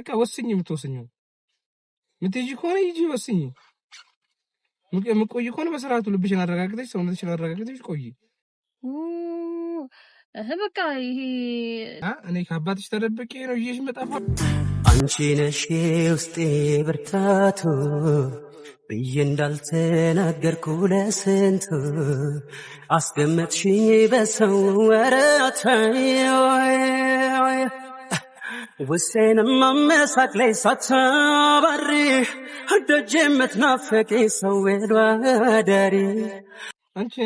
በቃ ወስኝ የምትወስኘው የምትሄጂ ከሆነ ሂጂ ወስኝ። የምትቆይ ከሆነ በስርዓቱ ልብሽን አረጋግጠሽ ሰውነትሽን አረጋግጠሽ ቆይ። በቃ ይሄ እኔ ከአባትሽ ተደብቄ ነው ይሽ መጣፋ አንቺ ነሽ ውስጤ ብርታቱ ብዬ እንዳልተናገርኩ ለስንቱ አስገመጥሽኝ በሰው ወረታዊ ውስጤንም አመሳቅ ላይ ሳትሰባሪ እደጅ የምትናፈቂ ሰው ወዳሪ አንቺ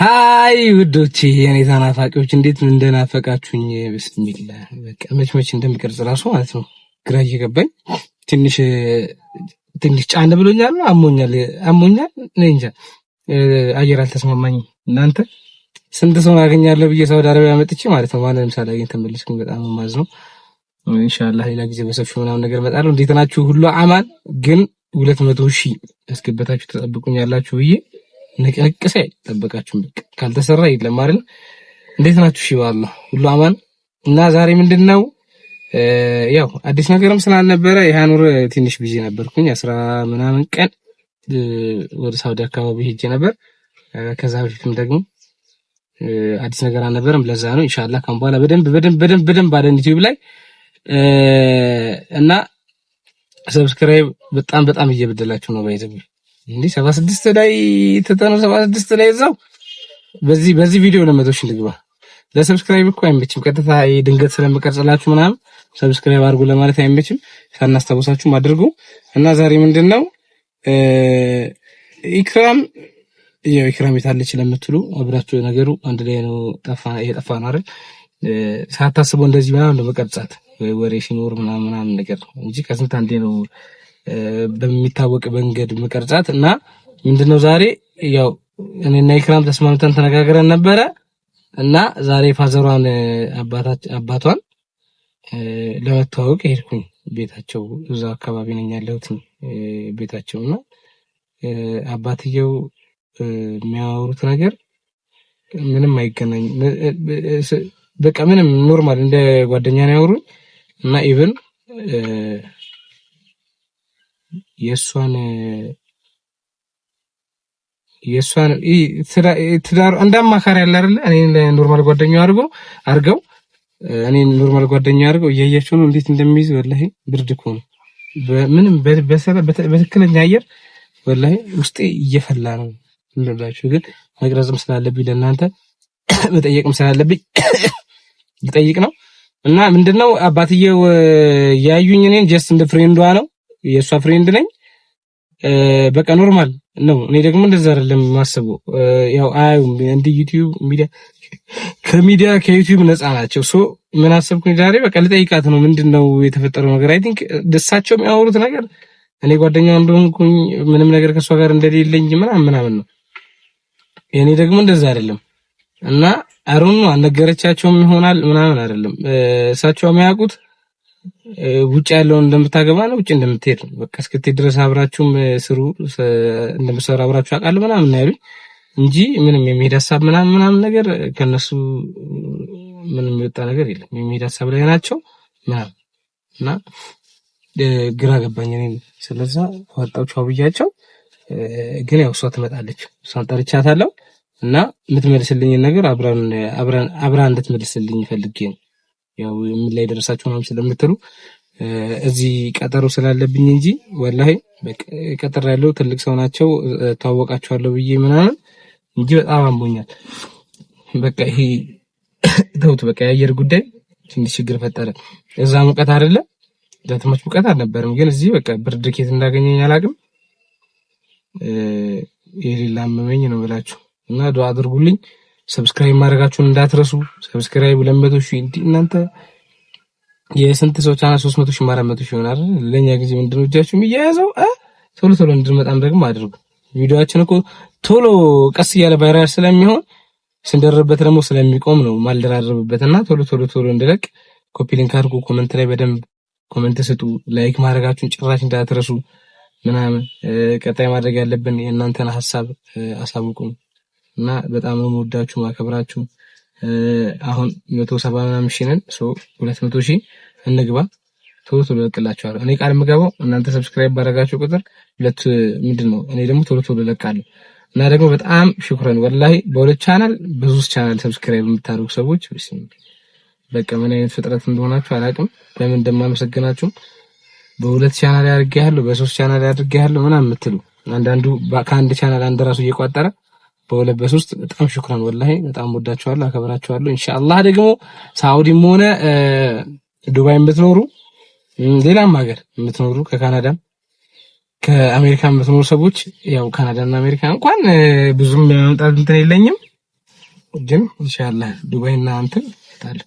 ሀይ ውዶቼ የኔ ተናፋቂዎች እንዴት እንደናፈቃችሁኝ ብስሚላ በቃ መች መች እንደሚቀርጽ ራሱ ማለት ነው ግራ እየገባኝ ትንሽ ትንሽ ጫን ብሎኛል፣ አሞኛል አሞኛል። እኔ እንጃ አየር አልተስማማኝ። እናንተ ስንት ሰው አገኛለሁ ብዬ ሳውዲ አረቢያ መጥቼ ማለት ነው ማንንም ሳላገኝ ተመለስኩኝ። በጣም ማዝ ነው። ኢንሻአላህ ሌላ ጊዜ በሰፊው ምናምን ነገር እመጣለሁ። እንዴት ናችሁ? ሁሉ አማን ግን ሁለት መቶ ሺህ አስገበታችሁ ተጠብቁኝ ያላችሁ ብዬ ንቅንቅሴ ጠበቃችሁ ካልተሰራ የለም አይደል? እንዴት ናችሁ? ሺ ባላ ሁሉ አማን እና ዛሬ ምንድን ነው ያው አዲስ ነገርም ስላልነበረ የሃኑር ትንሽ ቢዚ ነበርኩኝ። አስራ ምናምን ቀን ወደ ሳውዲ አካባቢ ሄጄ ነበር። ከዛ በፊትም ደግሞ አዲስ ነገር አልነበረም። ለዛ ነው ኢንሻአላህ ካሁን በኋላ በደንብ በደንብ በደንብ በደንብ አደን ዩቲዩብ ላይ እና ሰብስክራይብ በጣም በጣም እየበደላችሁ ነው። ባይዘብ እንዴ 76 ላይ ተጠኑ 76 ላይ እዛው በዚህ በዚህ ቪዲዮ ለመቶ ሺህ ልግባ ለሰብስክራይብ እኮ አይመችም። ቀጥታ ድንገት ስለምቀርጽላችሁ ምናምን ሰብስክራይብ አድርጉ ለማለት አይመችም። ሳናስታውሳችሁም አድርጉ እና ዛሬ ምንድነው ኢክራም ያው ኢክራም የታለች ለምትሉ አብራችሁ ነገሩ አንድ ላይ ነው። ጠፋ የጠፋ ነው አይደል? ሳታስበው እንደዚህ ምናምን ነው ወይ ወሬ ሲኖር ምናምን ምናምን ነገር እንጂ ከስንት አንዴ ነው በሚታወቅ መንገድ መቀርጻት እና ምንድነው ዛሬ ያው እኔና ኢክራም ተስማምተን ተነጋግረን ነበረ። እና ዛሬ ፋዘሯን አባቷን ለመተዋወቅ ሄድኩኝ። ቤታቸው እዛ አካባቢ ነኝ ያለሁት ቤታቸው እና አባትየው የሚያወሩት ነገር ምንም አይገናኝ። በቃ ምንም ኖርማል እንደ ጓደኛ ነው ያወሩኝ እና ኢቨን የእሷን የእሷን ትዳር አማካሪ ያለ አይደለ እኔን ኖርማል ጓደኛ አድርጎ አድርገው እኔን ኖርማል ጓደኛ አድርገው እያያቸው ነው እንዴት እንደሚይዝ ወላሂ ብርድ እኮ ነው። ምንም በትክክለኛ አየር ወላሂ ውስጤ እየፈላ ነው። እንደላችሁ ግን መቅረጽም ስላለብኝ ለእናንተ መጠየቅም ስላለብኝ ልጠይቅ ነው እና ምንድነው አባትየው ያዩኝ እኔን ጀስት እንደ ፍሬንዷ ነው የእሷ ፍሬንድ ነኝ። በቃ ኖርማል ነው። እኔ ደግሞ እንደዛ አይደለም የማስበው። ያው አያዩም እንደ ዩቲዩብ ሚዲያ ከሚዲያ ከዩቲዩብ ነፃ ናቸው። ሶ ምን አሰብኩኝ ዛሬ በቃ ልጠይቃት ነው ምንድን ነው የተፈጠረው ነገር። አይ ቲንክ ደሳቸው የሚያወሩት ነገር እኔ ጓደኛ እንደሆንኩኝ ምንም ነገር ከእሷ ጋር እንደሌለኝ ምናምን ምናምን ነው። የእኔ ደግሞ እንደዛ አይደለም እና አሩን አልነገረቻቸውም ይሆናል ምናምን አይደለም እሳቸው የሚያውቁት ውጭ ያለውን እንደምታገባ ነው ውጭ እንደምትሄድ ነው። በቃ እስክትሄድ ድረስ አብራችሁም ስሩ እንደምትሰሩ አብራችሁ አውቃለሁ ምናምን ነው ያሉኝ እንጂ ምንም የሚሄድ ሀሳብ ምናምን ምናምን ነገር ከነሱ ምንም የሚወጣ ነገር የለም። የሚሄድ ሀሳብ ላይ ናቸው ምናምን እና ግራ ገባኝ። እኔም ስለዛ ወጣችሁ ብያቸው፣ ግን ያው እሷ ትመጣለች። እሷን ጠርቻታለሁ እና የምትመልስልኝን ነገር አብራ አብራን እንድትመልስልኝ ፈልጌ ነው ያው ምን ላይ ደረሳችሁ ምናምን ስለምትሉ እዚህ ቀጠሮ ስላለብኝ እንጂ ወላሂ ቀጠር ያለው ትልቅ ሰው ናቸው ተዋወቃችኋለሁ ብዬ ምናምን እንጂ በጣም አሞኛል። በቃ ይሄ ተውት። በቃ የአየር ጉዳይ ትንሽ ችግር ፈጠረ። እዛ ሙቀት አይደለ ለትምህርት ሙቀት አልነበረም፣ ግን እዚህ በቃ ብርድ ኬት እንዳገኘኝ አላቅም። የሌላ አመመኝ ነው ብላችሁ እና ዱአ አድርጉልኝ። ሰብስክራይብ ማድረጋችሁን እንዳትረሱ። ሰብስክራይብ ለመቶ ሺህ እናንተ የስንት ሰው ቻናል 300 ሺህ 400 ሺህ ይሆናል። ለኛ ጊዜ ምንድነው እጃችሁ የሚያያዘው? ቶሎ ቶሎ እንድንመጣም ደግሞ አድርጉ። ቪዲዮአችን እኮ ቶሎ ቀስ እያለ ቫይራል ስለሚሆን ስንደረበት ደግሞ ስለሚቆም ነው ማልደራረብበትና ቶሎ ቶሎ ቶሎ እንድለቅ ኮፒ ሊንክ አድርጉ። ኮመንት ላይ በደንብ ኮመንት ስጡ። ላይክ ማድረጋችሁን ጭራሽ እንዳትረሱ ምናምን። ቀጣይ ማድረግ ያለብን የእናንተን ሀሳብ አሳውቁ። እና በጣም ነው የምወዳችሁ ማከብራችሁ። አሁን መቶ ሰባ ምናምን ሺህ ነን። ሁለት መቶ ሺህ እንግባ ቶሎ ቶሎ እለቅላችኋለሁ። እኔ ቃል የምገባው እናንተ ሰብስክራይብ ባደረጋችሁ ቁጥር ሁለት ምንድን ነው እኔ ደግሞ ቶሎ ቶሎ እለቃለሁ እና ደግሞ በጣም ሽኩረን ወላሂ በሁለት ቻናል ብዙ ቻናል ሰብስክራይብ የምታደርጉ ሰዎች በቃ ምን አይነት ፍጥረት እንደሆናችሁ አላውቅም። ለምን እንደማመሰግናችሁ በሁለት ቻናል ያድርጌ ያለሁ በሶስት ቻናል ያድርጌ ያለሁ ምናምን የምትሉ አንዳንዱ ከአንድ ቻናል አንድ ራሱ እየቋጠረ በሁለት ውስጥ በጣም ሹክራን ወላሂ በጣም ወዳቸዋለሁ፣ አከብራቸዋለሁ። ኢንሻአላህ ደግሞ ሳውዲም ሆነ ዱባይ የምትኖሩ ሌላም ሀገር የምትኖሩ ከካናዳም ከአሜሪካ የምትኖሩ ሰዎች ያው ካናዳና አሜሪካ እንኳን ብዙም መምጣት እንትን የለኝም፣ ግን ኢንሻአላህ ዱባይና እንትን ታለ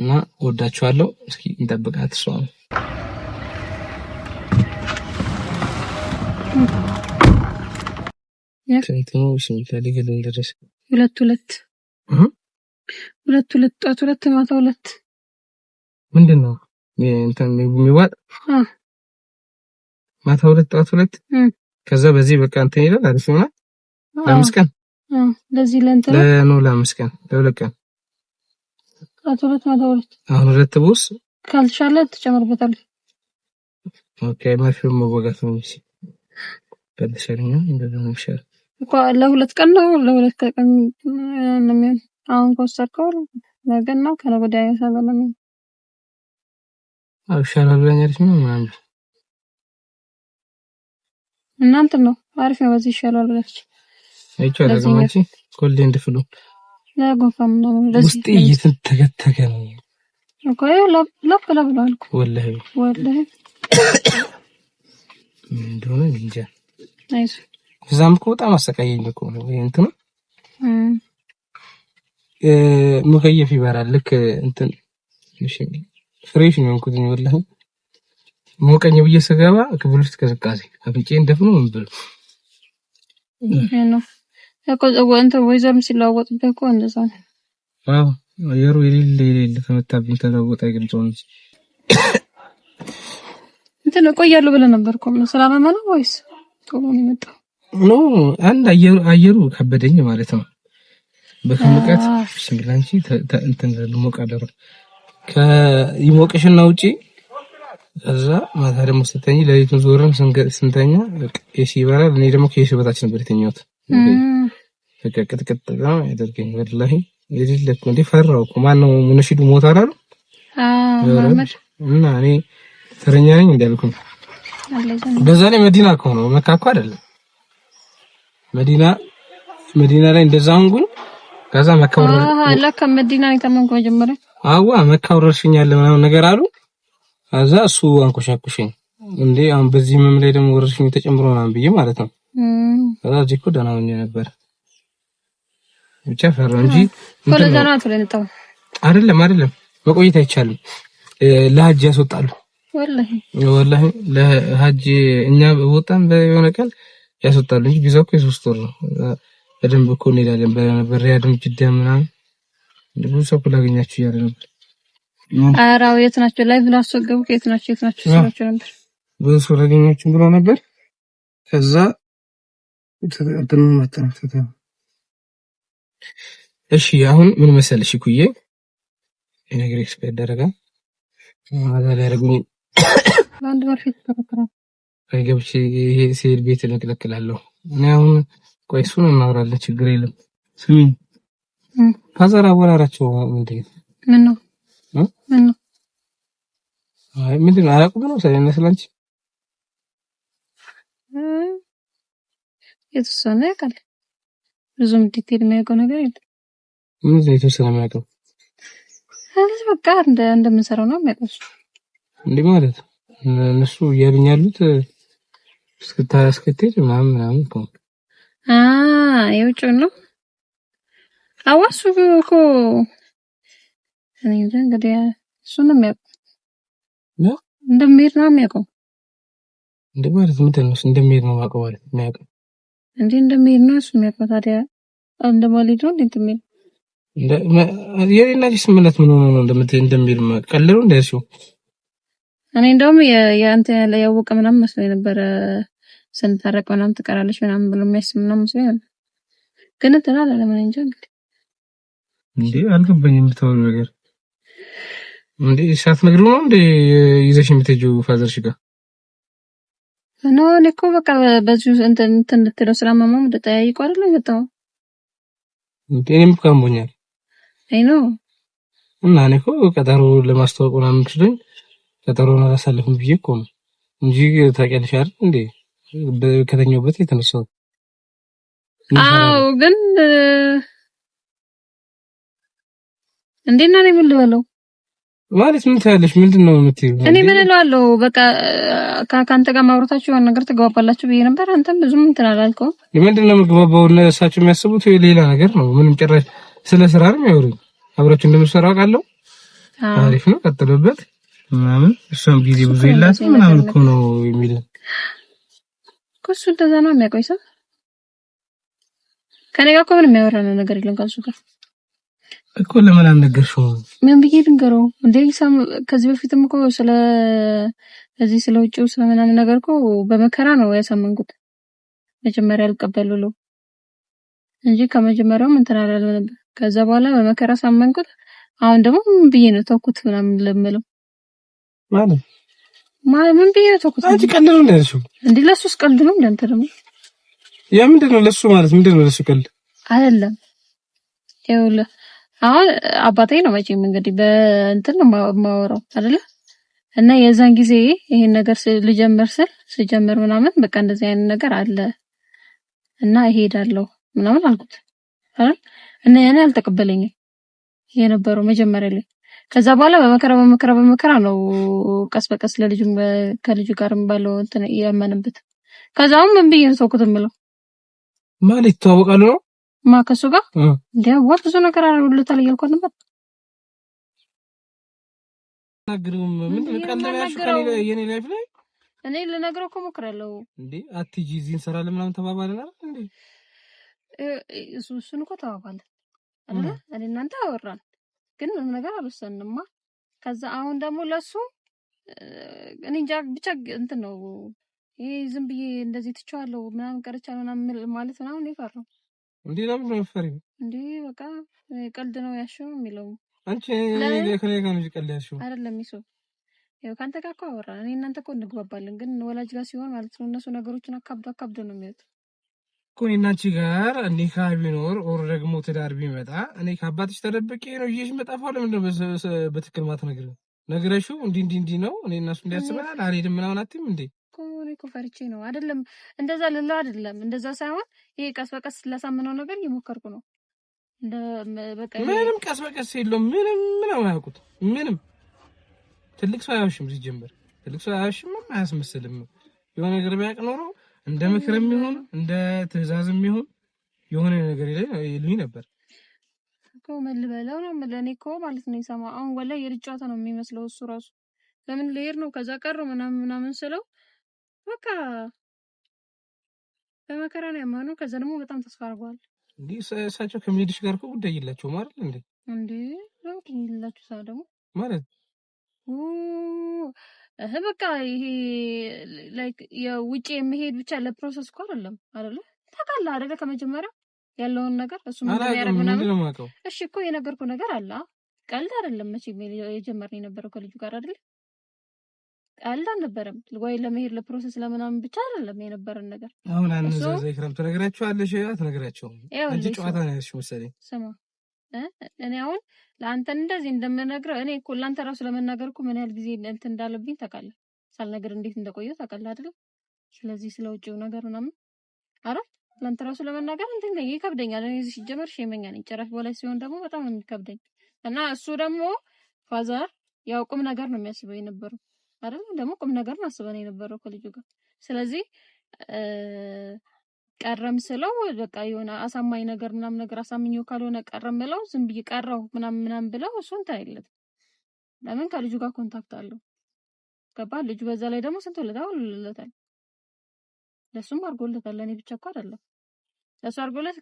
እና ወዳቸዋለሁ። እስኪ እንጠብቃት እሷ ሁለት ሁለት uh-huh. ሁለት ሁለት ጧት ሁለት ማታ ሁለት ምንድን ነው እንትን የሚዋጥ ማታ ሁለት ጧት ሁለት ከዛ በዚህ በቃ እንትን ይላል። አሪፍ ይሆናል። ለአምስት ቀን ለዚህ ለእንትን ለኖ ለአምስት ቀን ለሁለት ቀን ጧት ሁለት ማታ ሁለት አሁን ሁለት ቦስ ካልተሻለ ትጨምርበታለህ። ኦኬ መርፌ መወጋት ነው። ለሁለት ቀን ነው። ለሁለት ቀን ነው ለሁለት ቀን ነው አሁን ከወሰድከው ነገና ነው ከነገ ወዲያ ያሳበለ ነው። እናንተ ነው አሪፍ ነው። በዚህ ይሻላል ብላች አይቻለሁ። ለማንቺ ኮሌ እንድፍሉ ለጎፋም ነው ውስጥ እየተተከተከ ነው እኮ ላብ ላብ ብሏል እኮ ወላሂ ወላሂ እንደሆነ እንጃ አይዞህ ከዛም እኮ በጣም አሰቃየኝ እኮ ነው እንትኑ ሙከየፍ ይበራል። ልክ እንትን እሺ ፍሬሽ ነው ነው ወላህ ሞቀኝ ብዬ ስገባ ክፍል ውስጥ ቅዝቃዜ አፍንጫዬን ደፍኖ ምን ብሎ ነው። አየሩ የሌለ የሌለ ተለወጠ። እንትን እቆያለሁ ብለህ ነበር እኮ ወይስ ቶሎ ነው የመጣው? ኖ አንድ አየሩ አየሩ ከበደኝ ማለት ነው። በሙቀት ሽምላንቺ እንትን ልሞቃለሁ ከይሞቅሽና ውጪ እዛ ማታ ደግሞ ስተኝ ለሊቱን ዞርም ስንተኛ ኤሲ ይበራል። እኔ ደግሞ ከኤሲ በታች ነበር የተኛሁት። በቃ ቅጥቅጥ ነው ያደርገኝ። ወላሂ የሌለ እኮ እንደ ፈራሁ እኮ ማነው ሙነሺዱ ሞት አላሉ እና እኔ ተረኛ ነኝ እንዳልኩኝ በዛ ላይ መዲና ከሆነ መካ እኮ አይደለም መዲና መዲና ላይ እንደዛ አንጉል ከዛ መካወር አላከ መዲና ላይ ተመንኩ መጀመሪያ አዋ መካወር ወረርሽኛል ምናምን ነገር አሉ። ከዛ እሱ አንኮሻኩሽኝ እንዴ አሁን በዚህ መም ላይ ደግሞ ወረርሽኝ ተጨምሮ ምናምን ብዬ ማለት ነው። ከዛ እዚህ እኮ ደህና ሆኜ ነበር ብቻ ፈራሁ እንጂ ኮለዛናት ላይ አይደለም አይደለም መቆየት አይቻልም። ለሀጅ ያስወጣሉ ወላሂ ወላሂ ለሀጅ እኛ ወጣን በሆነ ቀን ያስወጣል እንጂ ቪዛው እኮ የሶስት ወር ነው። በደንብ እኮ እንሄዳለን ነበር ሪያድም ጅዳ ምናምን ብዙ ሰው ላገኛችሁ እያለ ነበር። አራው የት ናቸው? ላይ ብሎ አስወገቡ። ከየት ናቸው? የት ናቸው ስላቸው ነበር። ብዙ ሰው ላገኛችሁ ብሎ ነበር። ከዛ ተቀደም ማጠናፈታ እሺ፣ አሁን ምን መሰለሽ ኩዬ ነገር ኤክስፔክት ያደረጋ ማዛ ሊያደርጉኝ ለአንድ ወር ተከክራል ገብቼ ይሄ ሲሄድ ቤት እለቅለቅላለሁ። እኔ አሁን ቆይ እሱን እናወራለን፣ ችግር የለም። ስሚኝ አዘር አወራራቸው እንዴት ምን ነው ምን ነው? አይ ምንድን ነው አላውቅም ነው ስለነ ስለአንቺ የተወሰነ ያውቃል። ብዙም ዲቴል የሚያውቀው ነገር የለም። ምን ነው የተወሰነ የሚያውቀው አለች። በቃ እንደምንሰራው ነው የሚያውቀው እንዲህ ማለት እነሱ እያሉኝ ያሉት እስክታስከትል ምናምን ምናምን እኮ የውጭውን ነው አዋሱ እኮ እንግዲህ እሱን ነው የሚያውቀው እንደሚሄድ ነው የሚያውቀው። እንደ ማለት ምን ተነስ እንደሚሄድ ነው የማውቀው ማለት የሚያውቀው እንዴ እንደሚሄድ ነው እሱ የሚያውቀው። ታዲያ እንደ ማለት ነው እንዴት የሚል የሌላ ጅስ ምለት ምን ሆኖ ነው እንደምት እንደሚል ቀልሉ እንደሱ እኔ እንደውም የአንተ ያወቀ ምናምን መስሎ የነበረ ስንታረቅ ምናምን ትቀራለች ምናምን ብሎ የሚያስብ ምናምን መስሎ ነበር። ግን እንትን አለ። እንጂ እንግዲህ እንዴ አልገባኝ የምታወሪው ነገር እንዴ ሳትነግሪው ነው እንዴ ይዘሽ የምትሄጂው ፋዘርሽ ጋር? ኖ እኔ እኮ በቃ በዚሁ እንትን እንትን ልትለው ስለማማም ተጠያይቆ አይደል የመጣው እንዴ እኔም እኮ አሞኛል። አይ ኖ እና እኔ እኮ ቀጠሮ ለማስተዋወቅ ምናምን ቀጠሮን አላሳልፍም ብዬ እኮ ነው እንጂ ታውቂያለሽ አይደል እንዴ? ከተኛሁበት የተነሳው። አዎ፣ ግን እንዴና ነው ምን ልበለው? ማለት ምን ትያለሽ? ምንድን ነው የምትይው? እኔ ምን እለዋለሁ? በቃ ከአንተ ጋር ማውራታችሁ የሆነ ነገር ትግባባላችሁ ብዬ ነበር። አንተም ብዙም እንትን አላልከውም። ምንድን ነው የምግባባው? እሳቸው የሚያስቡት ሌላ ነገር ነው። ምንም ጭራሽ ስለ ስራ ነው የሚያወሩኝ። አብራችሁ እንደምትሰራ አውቃለሁ። አሪፍ ነው፣ ቀጥሎበት ምናምን እሷም ጊዜ ብዙ የላትም ምናምን እኮ ነው የሚል ከሱ እንደዛ ነው የሚያቆይ ሰው ከኔ ጋር እኮ ምንም የሚያወራነው ነገር የለም። ከሱ ጋር እኮ ለምን አልነገርሽው? ምን ብዬ ልንገረው እንዴ? ሳም ከዚህ በፊትም እኮ ስለ እዚህ ስለ ውጭው ስለ ምናምን ነገር እኮ በመከራ ነው ያሳመንኩት። መጀመሪያ አልቀበል ብሎ እንጂ ከመጀመሪያውም እንትን አላለም ነበር። ከዛ በኋላ በመከራ ሳመንኩት። አሁን ደግሞ ምን ብዬ ነው ተውኩት ምናምን ለምለው ማለት ምን ብዬ ነው ተኩት? አንቺ ቀልድ ነው ያልሽው እንዴ? ለሱስ ቀልድ ነው እንዴ? አንተ ደግሞ ያ ምንድን ነው ለሱ ማለት ምንድን ነው? ለሱ ቀልድ አይደለም። ይኸውልህ አሁን አባቴ ነው መቼም እንግዲህ በእንትን ነው የማወራው አይደለ? እና የዛን ጊዜ ይሄን ነገር ልጀምር ስል ስጀምር ምናምን በቃ እንደዚህ አይነት ነገር አለ እና እሄዳለሁ ምናምን አልኩት አይደል? እና ያኔ አልተቀበለኝም የነበረው መጀመሪያ ላይ ከዛ በኋላ በመከራ በመከራ በመከራ ነው ቀስ በቀስ ለልጁ ከልጁ ጋር ባለው እንትን እያመንበት ከዛውም ምን ብዬ ሰው ሰውኩት የምለው ማለት ይተዋወቃሉ ነው ማ ከሱ ጋር እንደ ወር ብዙ ነገር አደረጉለታል እያልኩ ነበር። አግሩም ምን ልቀለላሽ ከኔ የኔ ላይፍ ላይ እኔ ልነግረው እኮ ሞክራለሁ እንዴ አትጂ እዚህ እንሰራለን ምናምን ተባባልን አይደል እንዴ እሱ እሱን እኮ ተባባልን አይደል እኔ እናንተ አወራን ግን ምንም ነገር አልወሰንማ። ከዛ አሁን ደግሞ ለሱ እኔ እንጃ ብቻ እንትን ነው ይሄ ዝም ብዬ እንደዚህ ትቼዋለሁ ምናምን ቀርቻለሁ ምናምን ማለት ምናምን ይፈራው እንዴ? ለምን ነው ፈሪ እንዴ? በቃ ቀልድ ነው ያሽው የሚለው አንቺ እኔ ከኔ ጋር ነው ቀልድ ያሽው አይደለም ይሱ ያው ካንተ ጋር እኮ አወራ እኔ እናንተ እኮ እንግባባለን፣ ግን ወላጅ ጋር ሲሆን ማለት ነው እነሱ ነገሮችን አካብዶ አካብዶ ነው የሚያዩት። እኮን እናንቺ ጋር ኒካ ቢኖር ኦር ደግሞ ትዳር ቢመጣ እኔ ከአባትሽ ተደብቄ ነው ይሽ መጣፋ ለምንድነው በትክክል ነግር ነግረሹ እንዲ እንዲ እንዲ ነው እኔ እናሱ እሱ እንዲያስበናል አልሄድም ምናምን እንዴ? እኮ ፈርቼ ነው አይደለም፣ እንደዛ ልለው አይደለም፣ እንደዛ ሳይሆን ይሄ ቀስ በቀስ ላሳምነው ነገር እየሞከርኩ ነው። ምንም ቀስ በቀስ የለውም። ምንም ምንም አያውቁት ምንም ትልቅ ሰው አያውሽም። ሲጀምር ትልቅ ሰው አያውሽም፣ አያስመስልም። የሆነ ነገር ቢያውቅ ኖረው እንደ ምክር የሚሆን እንደ ትዕዛዝም የሚሆን የሆነ ነገር ይሉኝ ነበር እኮ ምን ነው ለኔ እኮ ማለት ነው ይሰማ አሁን ወላሂ የርጫታ ነው የሚመስለው እሱ ራሱ ለምን ልሄድ ነው ከዛ ቀር ምናምን ምናምን ስለው በቃ በመከራ ነው ያማኑ ከዛ ደግሞ በጣም ተስፋ አርጓል። እንዴ እሳቸው ከሚሄድሽ ጋር እኮ ጉዳይ የላቸው ማለት እንዴ እንዴ ነው የላቸው ሰው ደግሞ ማለት በቃ ይሄ ላይክ የውጭ የመሄድ ብቻ ለፕሮሰስ እኮ አይደለም አይደለ? ታውቃለህ አይደለ? ከመጀመሪያው ያለውን ነገር እሱ ምንያደረግ ምናምን። እሺ እኮ የነገርኩ ነገር አለ። ቀልድ አይደለም መቼም የጀመርን የነበረው ከልጁ ጋር አይደለ? ቀልድ አልነበረም። ወይ ለመሄድ ለፕሮሰስ ለምናምን ብቻ አይደለም የነበረን ነገር። አሁን አንዘዘ ክረም ትነግራቸዋለሽ፣ አትነግራቸውም? አንቺ ጨዋታ ነው ያልሽው መሰለኝ። ስማ እኔ አሁን ለአንተ እንደዚህ እንደምነግረው እኔ እኮ ለአንተ ራሱ ለመናገር እኮ ምን ያህል ጊዜ እንትን እንዳለብኝ ታውቃለህ። ሳልነግር እንዴት እንደቆየሁ ታውቃለህ አይደል? ስለዚህ ስለ ውጭው ነገር ምናምን አረ ለአንተ ራሱ ለመናገር እንትን ይከብደኛል። እኔ እዚህ ሲጀመር ሸመኛ ነኝ፣ ጭራሽ በላይ ሲሆን ደግሞ በጣም የሚከብደኝ። እና እሱ ደግሞ ፋዘር ያው ቁም ነገር ነው የሚያስበው የነበረው አይደለም? ደግሞ ቁም ነገር ነው አስበን የነበረው ከልጁ ጋር ስለዚህ ቀረም ስለው በቃ የሆነ አሳማኝ ነገር ምናምን ነገር አሳምኘው ካልሆነ ቀረም ብለው ዝም ብዬ ቀረው ምናምን ምናምን ብለው እሱ እንትን አይለት። ለምን ከልጁ ጋር ኮንታክት አለው ገባ። ልጁ በዛ ላይ ደግሞ ስንት ውለታ ውሎለታል። ለእሱም አድርጎለታል። ለኔ ብቻ እኮ አይደለም እሱ አድርጎለት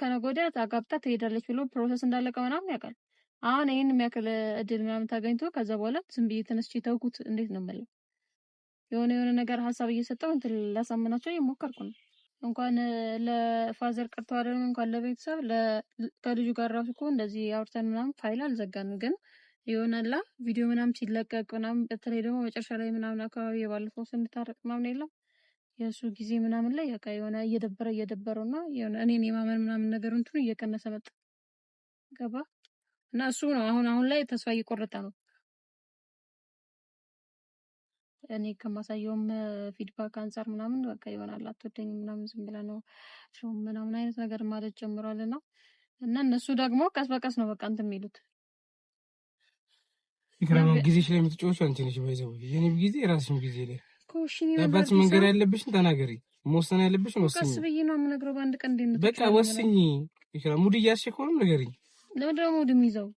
ከነገ ወዲያ አጋብታ ትሄዳለች ብሎ ፕሮሰስ እንዳለቀ ምናምን ያውቃል። አሁን ይሄን የሚያክል እድል ምናምን ታገኝቶ ከዛ በኋላ ዝም ብዬ ተነስቼ ተውኩት እንዴት ነው የምለው? የሆነ የሆነ ነገር ሀሳብ እየሰጠው እንትን ላሳምናቸው እየሞከርኩ ነው እንኳን ለፋዘር ቀርቶ አይደለም እንኳን ለቤተሰብ ከልጁ ጋር ራሱ እኮ እንደዚህ አውርተን ምናምን ፋይል አልዘጋንም ግን የሆነላ ቪዲዮ ምናምን ሲለቀቅ ምናምን በተለይ ደግሞ መጨረሻ ላይ ምናምን አካባቢ የባለፈው ስንታረቅ ምናምን የለም የእሱ ጊዜ ምናምን ላይ ያቃ የሆነ እየደበረ እየደበረ እና የሆነ እኔን የማመን ምናምን ነገር እንትኑ እየቀነሰ መጣ ገባ እና እሱ ነው አሁን አሁን ላይ ተስፋ እየቆረጠ ነው። እኔ ከማሳየውም ፊድባክ አንጻር ምናምን በቃ ይሆናል አትወደኝም ምናምን ዝም ብለህ ነው ሹም ምናምን አይነት ነገር ማለት ጀምሯል። እና እና እነሱ ደግሞ ቀስ በቀስ ነው በቃ እንትን የሚሉት ጊዜ ጊዜሽ ላይ የምትጫወቹ አንቺ ነሽ። ባይዘው የኔ ጊዜ ራስሽም ጊዜ ላይ ኮሽኒ መንገድ ያለብሽን ተናገሪ፣ መወሰን ያለብሽን ወስኚ። ቀስ ብዬ ነው የምነግረው። በአንድ ቀን እንዴት ነው በቃ ወስኚ። ኢክራም ሙድ እያስቸኮለም ነገርኝ። ለምንድን ነው ሙድ የሚይዘው?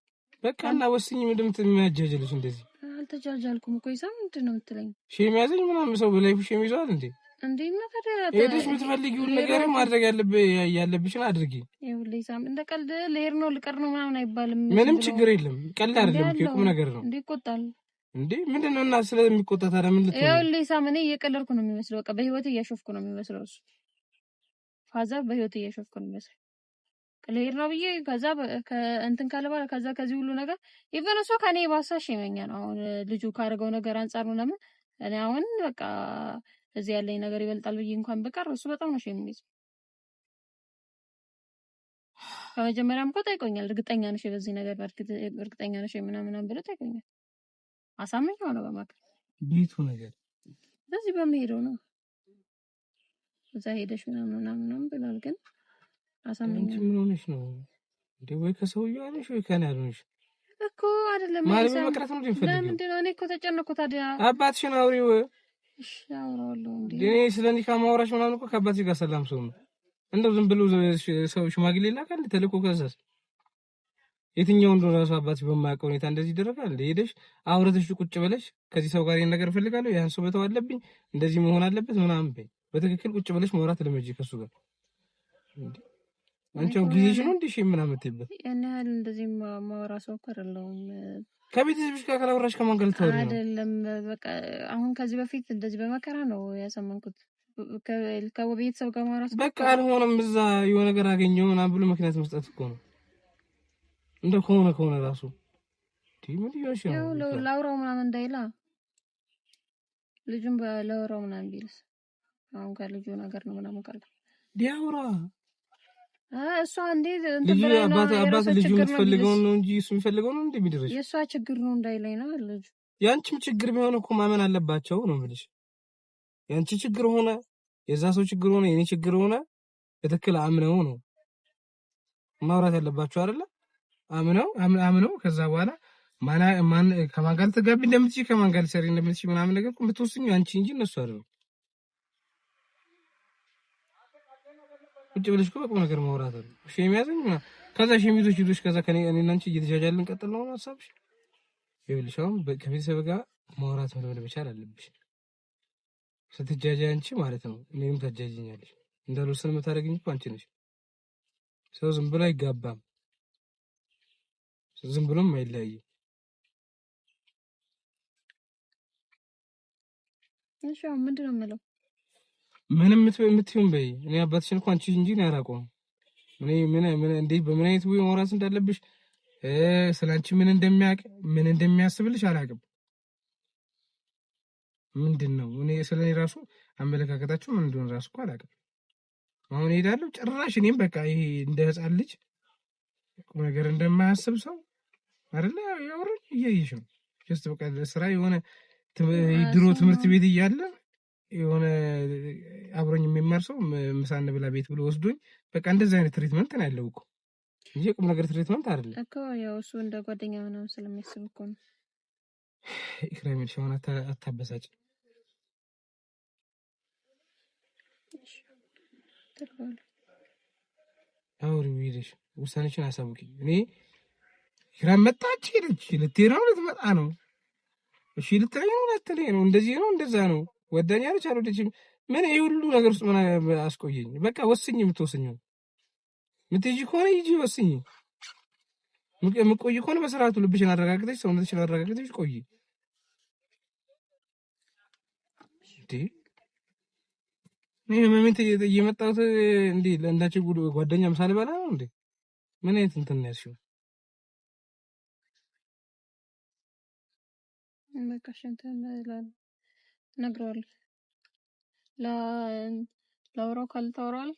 በቃ እና ወስኝ። ምንድን ነው እንደዚህ አልተጃጃልኩም እኮ ይዛ ምንድን ነው የምትለኝ? ሼም ያዘኝ ምናምን ሰው በላይፍ ሼም ይዟል እንዴ? እንዴት ነው ታዲያ? ሄደሽ የምትፈልጊውን ነገር ማድረግ ያለብሽን አድርጊ። ይኸውልህ እንደ ቀልድ ልሄድ ነው ልቀር ነው ምናምን አይባልም። ምንም ችግር የለም። ቀልድ አይደለም፣ ነገር ነው። እንዴ ይቆጣል እንዴ ምንድን ነው እና ስለሚቆጣ ታዲያ ምን ልትሆን? ይኸውልህ እኔ እየቀለድኩ ነው የሚመስለው። በቃ በህይወት እያሾፍኩ ነው የሚመስለው እሱ ፋዘር በህይወት እያሾፍኩ ነው የሚመስለው ልሄድ ነው ብዬ ከዛ እንትን ካለባ ከዛ ከዚህ ሁሉ ነገር ኢቨን እሷ ከኔ ባሳሽ ይመኛ ነው። አሁን ልጁ ካደረገው ነገር አንጻር ምናምን እኔ አሁን በቃ እዚህ ያለኝ ነገር ይበልጣል ብዬ እንኳን ብቀር እሱ በጣም ነው የሚይዝ። ከመጀመሪያም እኮ ጠይቆኛል። እርግጠኛ ነሽ በዚህ ነገር እርግጠኛ ነሽ ምናምን ብሎ ጠይቆኛል። አሳመኝ ነው በማከል ቤቱ ነገር በዚህ በመሄደው ነው እዛ ሄደሽ ምናምን ምናምን ብሏል ግን አንቺ ምን ሆነሽ ነው እንዴ? ወይ ከሰውዬው አለሽ ወይ ከኔ አልሆንሽ እኮ አይደለም። ማለት መቅረት ነው እንዴ? ለምንድን ነው እኔ እኮ ተጨነኩ። ታዲያ አባትሽን አውሪው። እሺ አውራለሁ። እንዴ ስለ ኒካ ማውራሽ ምናምን እኮ ከአባትሽ ጋር ሰላም ሰው ነው። እንደው ዝም ብሎ ሰው ሽማግሌ ላካል ተልኮ ከዛስ የትኛው እንደሆነ ራሱ አባት በማያውቀው ሁኔታ እንደዚህ ይደረጋል። ሄደሽ አውረተሽ ቁጭ ብለሽ ከዚህ ሰው ጋር ይሄን ነገር እፈልጋለሁ፣ ያን ሰው በተው አለብኝ፣ እንደዚህ መሆን አለበት ምናምን በይ። በትክክል ቁጭ ብለሽ መውራት ልመጂ ከሱ ጋር አንቺ ጊዜሽ ነው እንዴ? ሺህ ምናምን ያን ያህል እንደዚህ ማወራ ሰው እኮ አይደለሁም። ከቤተሰብሽ ጋር ካላወራሽ ከማን ጋር ልታወሪ ነው? አይደለም በቃ አሁን ከዚህ በፊት እንደዚህ በመከራ ነው ያሰመንኩት። ከቤተሰብ ጋር ማውራት በቃ አልሆነም። እዛ የሆነ ነገር አገኘው ምናምን ብሎ ምክንያት መስጠት እኮ ነው። እንደ ከሆነ ከሆነ ራሱ ላውራው ምናምን እንዳይላ ልጁም ላውራው ምናምን ቢልስ አሁን ከልጁ ነገር ነው ምናምን ካለ ዲያውራ እሷ እንዴት አባት ልጁ የምትፈልገውን ነው እንጂ እሱ የሚፈልገው ነው እንዴ የሚደረሽ? የእሷ ችግር ነው እንዳይለኝ ነው ልጁ። የአንቺም ችግር ቢሆን እኮ ማመን አለባቸው ነው የምልሽ። የአንቺ ችግር ሆነ የዛ ሰው ችግር ሆነ የኔ ችግር ሆነ በትክክል አምነው ነው ማውራት ያለባቸው አይደለ? አምነው አምነው ከዛ በኋላ ማን ከማን ጋር ልትጋቢ እንደምትችይ ከማን ጋር ልትሰሪ እንደምትችይ ምናምን ነገር የምትወስኚው አንቺ እንጂ እነሱ አይደሉም። ቁጭ ብለሽ እኮ በቁም ነገር ማውራት አለ። እሺ የሚያዘኝ ከዛ ሸሚቶች ይዞሽ ከዛ ከኔ እኔ እና አንቺ እየተጃጃልን ቀጥል ነው ሀሳብሽ። ይኸውልሽ አሁን ከቤተሰብ ጋር ማውራት መልመድ መቻል አለብሽ። ስትጃጃ አንቺ ማለት ነው እኔም ታጃጅኛለሽ። እንዳልወሰን የምታደርግኝ እኮ አንቺ ነሽ። ሰው ዝም ብሎ አይጋባም፣ ዝም ብሎም አይለያይም። እሺ ምንድን ነው የምለው ምንም የምትይውን በይ። እኔ አባትሽን እኮ አንቺ እንጂ ያራቀው። ምን ምን በምን አይነት ወይ ማውራት እንዳለብሽ ስላንቺ ምን እንደሚያውቅ ምን እንደሚያስብልሽ አላውቅም። ምንድን ነው እኔ ስለ እኔ ራሱ አመለካከታቸው ምን እንደሆነ ራሱ እኮ አላውቅም። አሁን እሄዳለሁ ጭራሽ እኔም በቃ ይሄ እንደ ልጅ ቁም ነገር እንደማያስብ ሰው አይደለ ያወራኝ እያየሽ ነው። ጀስት በቃ ስራ የሆነ ድሮ ትምህርት ቤት እያለን? የሆነ አብሮኝ የሚማር ሰው ምሳ እንብላ ቤት ብሎ ወስዶኝ በቃ እንደዚህ አይነት ትሪትመንት ነው ያለው እኮ እንጂ ቁም ነገር ትሪትመንት አይደለም እኮ። ያው እሱ እንደ ጓደኛ ምናምን ስለሚያስብ እኮ ነው። ኢክራሚል ሲሆን አታበሳጭ። አውሪ ሄደሽ ውሳኔችን አሳውቂ። እኔ ኢክራም መጣች ሄደች፣ ልትሄድ ነው ልትመጣ ነው፣ እሺ ልትለኝ ነው ላትለኝ ነው፣ እንደዚህ ነው እንደዛ ነው ወደኔ አለች አልወደችም፣ ምን ይህ ሁሉ ነገር ውስጥ ምን አስቆየኝ? በቃ ወስኝ፣ የምትወስኝ ምትጂ ከሆነ ይጂ፣ ወስኝ። የምትቆይ ከሆነ በስርዓቱ ልብሽን አረጋግጠሽ ሰውነትሽን አረጋግጠሽ ቆይ። ይህ መሜት እየመጣሁት እንዲ ለእንዳቸው ጓደኛ ምሳሌ ባላ ነው እንዴ? ምን አይነት እንትን ነው ያልሽው? በቃ ሽንትን እላለሁ እነግረዋለሁ። ላውራው ካለ ታወራዋለህ።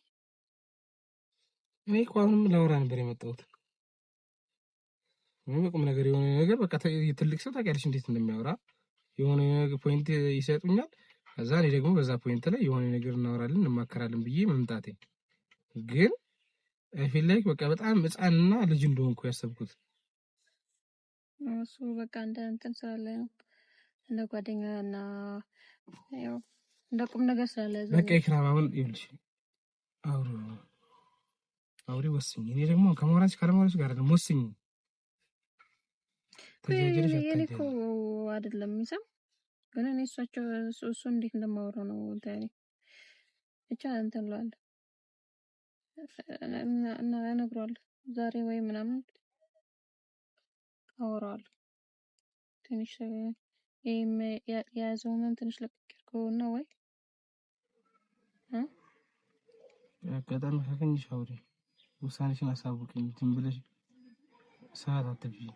እኔ እኮ አሁንም ላውራ ነበር የመጣሁት። ቁም ነገር የሆነ ነገር በቃ ትልቅ ሰው ታውቂያለሽ እንዴት እንደሚያወራ የሆነ ፖይንት ይሰጡኛል። እዛ እኔ ደግሞ በዛ ፖይንት ላይ የሆነ ነገር እናወራለን እንማከራለን ብዬ መምጣቴ ግን ፊት ላይ በቃ በጣም ሕፃንና ልጅ እንደሆንኩ ያሰብኩት እሱ በቃ እንደ እንትን ስላለ ነው እንደ ጓደኛ ጓደኛና እንደ ቁም ነገር ስላለያዘ በቃ አሁን ይኸውልሽ አውሪ አውሪ ወስኝ። እኔ ደግሞ ከማውራትሽ ካለማውራትሽ ጋር ደግሞ ወስኝ። እኮ አይደለም የሚሰማ ግን እኔ እሷቸው እሱ እንዴት እንደማወራው ነው ታሪ ብቻ እንትን እለዋለሁ እና እነግረዋለሁ ዛሬ ወይ ምናምን አወራዋለሁ። ትንሽ የያዘውን ትንሽ ከሆነ ወይ አጋጣሚ ከፈንሽ አውሪ ውሳኔሽን አሳውቅኝ። ዝም ብለሽ ሰዓት አትብዢ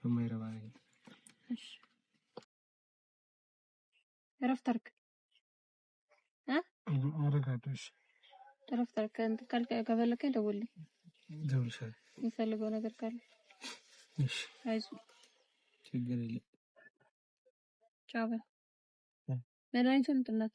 በማይረባ ነገር። እሺ እረፍት አድርግ እ እረፍት አድርግ። እንትን ከፈለከኝ ደውልልኝ፣ ደውልሻለሁ የሚፈልገው ነገር ካለ። እሺ አይዞህ፣ ችግር የለም። travel. Yeah. Meron yung sunod na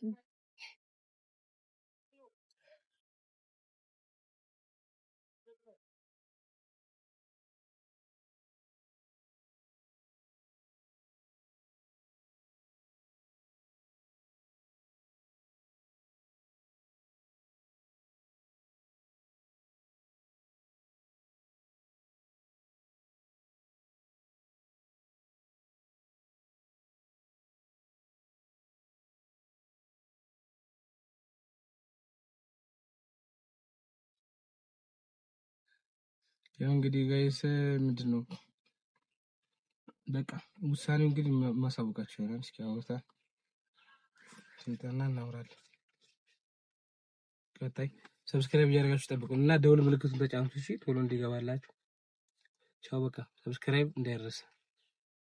ያው እንግዲህ ጋይስ ምንድን ነው በቃ ውሳኔው እንግዲህ ማሳወቃቸው ይሆናል። እስኪ አውርታ ስልጠና እናውራለን። ቀጣይ ሰብስክራይብ እያደረጋችሁ ጠብቁ እና ደውል ምልክቱን ተጫኑት፣ እሺ ቶሎ እንዲገባላችሁ። ቻው በቃ ሰብስክራይብ እንዳይረሳ።